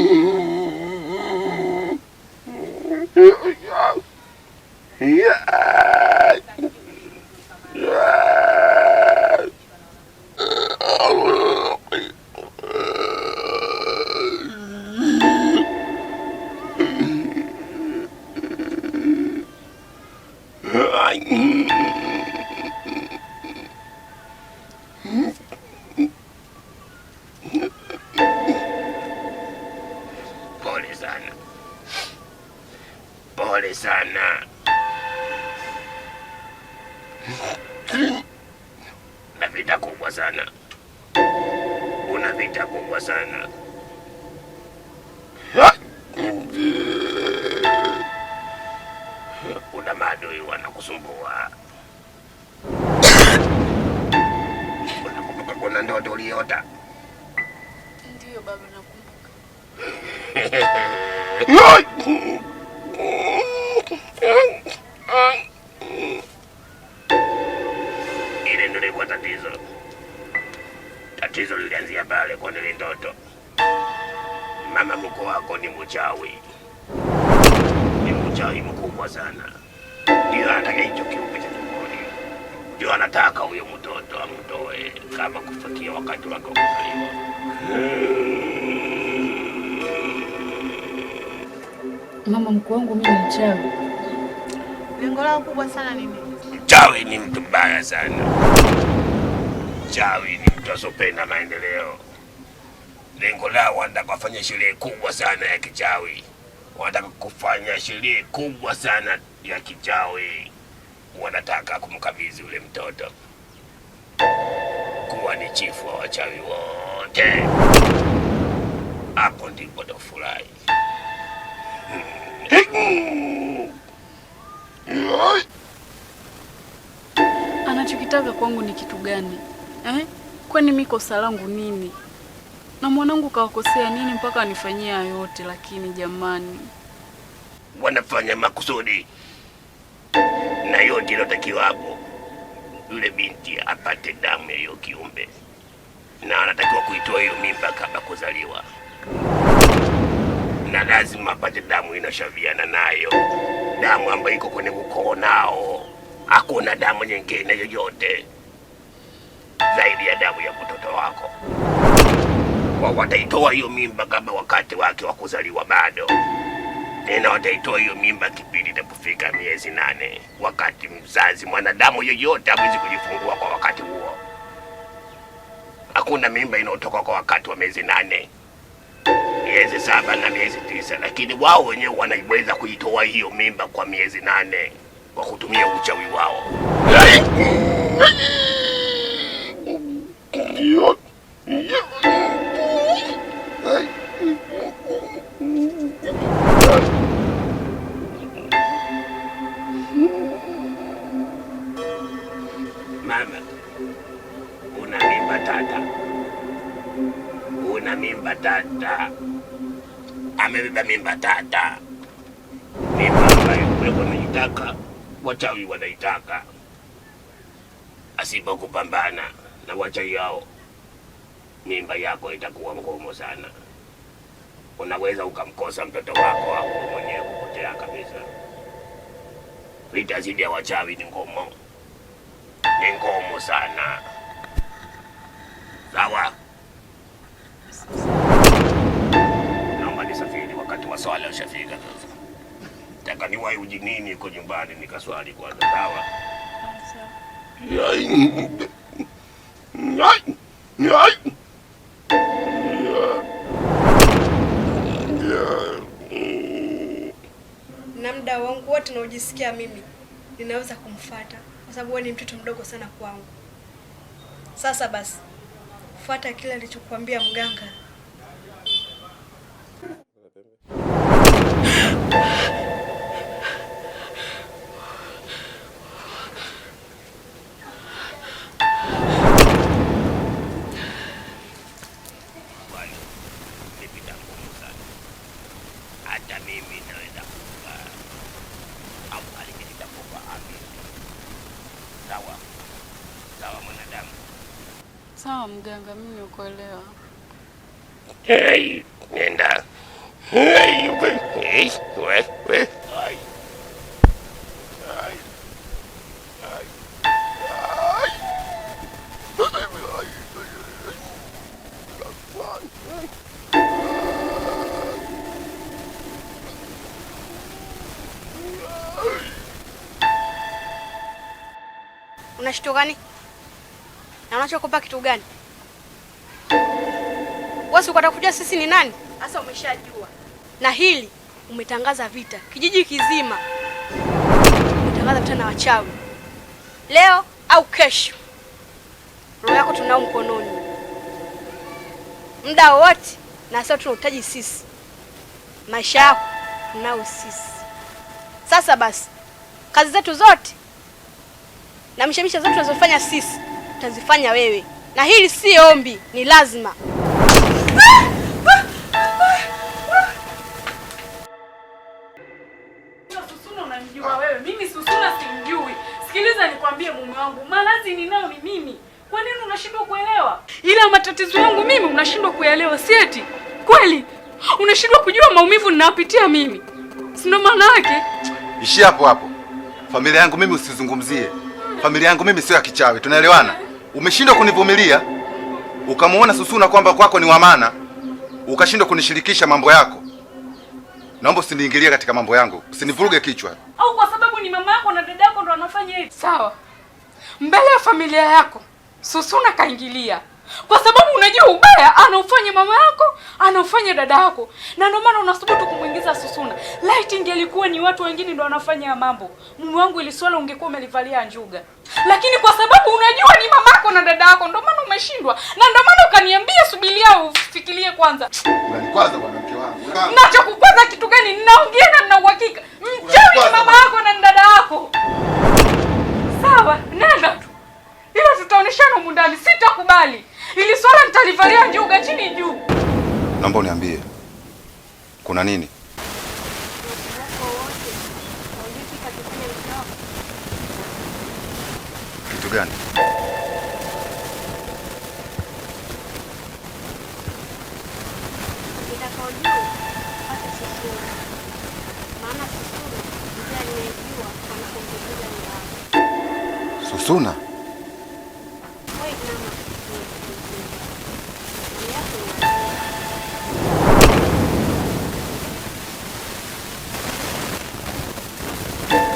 Ooh. pole sana pole sana na vita kubwa sana una vita kubwa sana kukusumbua. Unakumbuka kuna ndoto uliota? Ndiyo baba, nakumbuka. Ile ndio ilikuwa tatizo. Tatizo lilianzia pale kwa ile ndoto. Mama mko wako ni mchawi, ni mchawi mkubwa sana ndio anataka hicho kiumbe cha tumboni, ndio anataka huyo mtoto amtoe kama kufikia wakati wake wa kuzaliwa. Mama mkuu wangu, mimi ni mchawi. Lengo lao kubwa sana mimi. Mchawi ni mtu mbaya sana. Mchawi ni mtu asopenda maendeleo. Lengo lao wanataka wafanye sherehe kubwa sana ya kichawi wanataka kufanya sherehe kubwa sana ya kichawi. Wanataka kumkabidhi ule mtoto kuwa ni chifu wa wachawi wote. Hapo ndipo tafurahi. Anachokitaka kwangu ni kitu gani eh? Kwani mikosa langu nini? na mwanangu kawakosea nini mpaka anifanyia yote? Lakini jamani, wanafanya makusudi, na yote inotakiwa hapo, yule binti apate damu ya hiyo kiumbe, na anatakiwa kuitoa hiyo mimba kabla kuzaliwa, na lazima apate damu inashaviana nayo damu ambayo iko kwenye ukoo nao. Hakuna damu nyingine yoyote zaidi ya damu ya mtoto wako kuwa wataitoa hiyo mimba kabla wakati wake wa kuzaliwa bado. Tena wataitoa hiyo mimba kipindi itapofika miezi nane, wakati mzazi mwanadamu yoyote hawezi kujifungua kwa wakati huo. Hakuna mimba inayotoka kwa wakati wa miezi nane, miezi saba na miezi tisa, lakini wao wenyewe wanaiweza kuitoa hiyo mimba kwa miezi nane kwa kutumia uchawi wao. tata, amebeba mimba tata, mimba ambayo wanaitaka wachawi, wanaitaka asipo kupambana na wachawi yao, mimba yako itakuwa ngumu sana. Unaweza ukamkosa mtoto wako au mwenyewe kupotea kabisa. Vita zidi ya wachawi ni ngumu, ni ngumu sana. Sawa. swala ushafika sasa. Nataka niwahi ujinini huko nyumbani nikaswali kwanza, sawa? Na muda wangu wote naojisikia mimi ninaweza kumfuata kwa sababu wewe ni mtoto mdogo sana kwangu. Sasa basi, fuata kile alichokuambia mganga. Sawa mganga, mimi nimekuelewa. Hey, nenda. Hey, hey, we, we. Unashtuka gani? na unachokopa kitu gani? Wewe ukataka kujua sisi ni nani? Sasa umeshajua, na hili umetangaza vita kijiji kizima, umetangaza vita na wachawi leo au kesho. Roho yako tunao mkononi muda wote, na sasa tunahitaji sisi, maisha yako tunao sisi. Sasa basi, kazi zetu zote na mshamisha zote tunazofanya sisi utazifanya wewe, na hili si ombi, ni lazima. Susuna wewe, mimi Susuna simjui. Sikiliza mume wangu, mimi. Kwa nini unashindwa kuelewa? Ila matatizo yangu mimi unashindwa kuelewa, si eti kweli unashindwa kujua maumivu ninayopitia mimi, si ndo maana yake? ishi hapo hapo. Familia yangu mimi usizungumzie. Familia yangu mimi sio ya kichawi, tunaelewana? Umeshindwa kunivumilia ukamwona Susuna kwamba kwako ni wamana, ukashindwa kunishirikisha mambo yako. Naomba usiniingilie katika mambo yangu, usinivuruge kichwa. Au kwa sababu ni mama yako na dada yako ndo anafanya hivi? Sawa, mbele ya familia yako Susuna kaingilia kwa sababu unajua ubaya anaofanya mama yako, anaofanya dada yako, na ndio maana unasubutu kumwingiza Susuna. Laiti ingelikuwa ni watu wengine ndio wanafanya mambo, mume wangu, ili swala ungekuwa umelivalia njuga, lakini kwa sababu unajua ni mama yako na dada yako, ndio maana umeshindwa, na ndio maana ukaniambia subiria ufikirie kwanza. Unanikwaza bwana mke wangu, nachokukwaza kitu gani? Ninaongea na nina uhakika mchawi ni mama yako na naomba uniambie kuna nini? Kitu gani? Susuna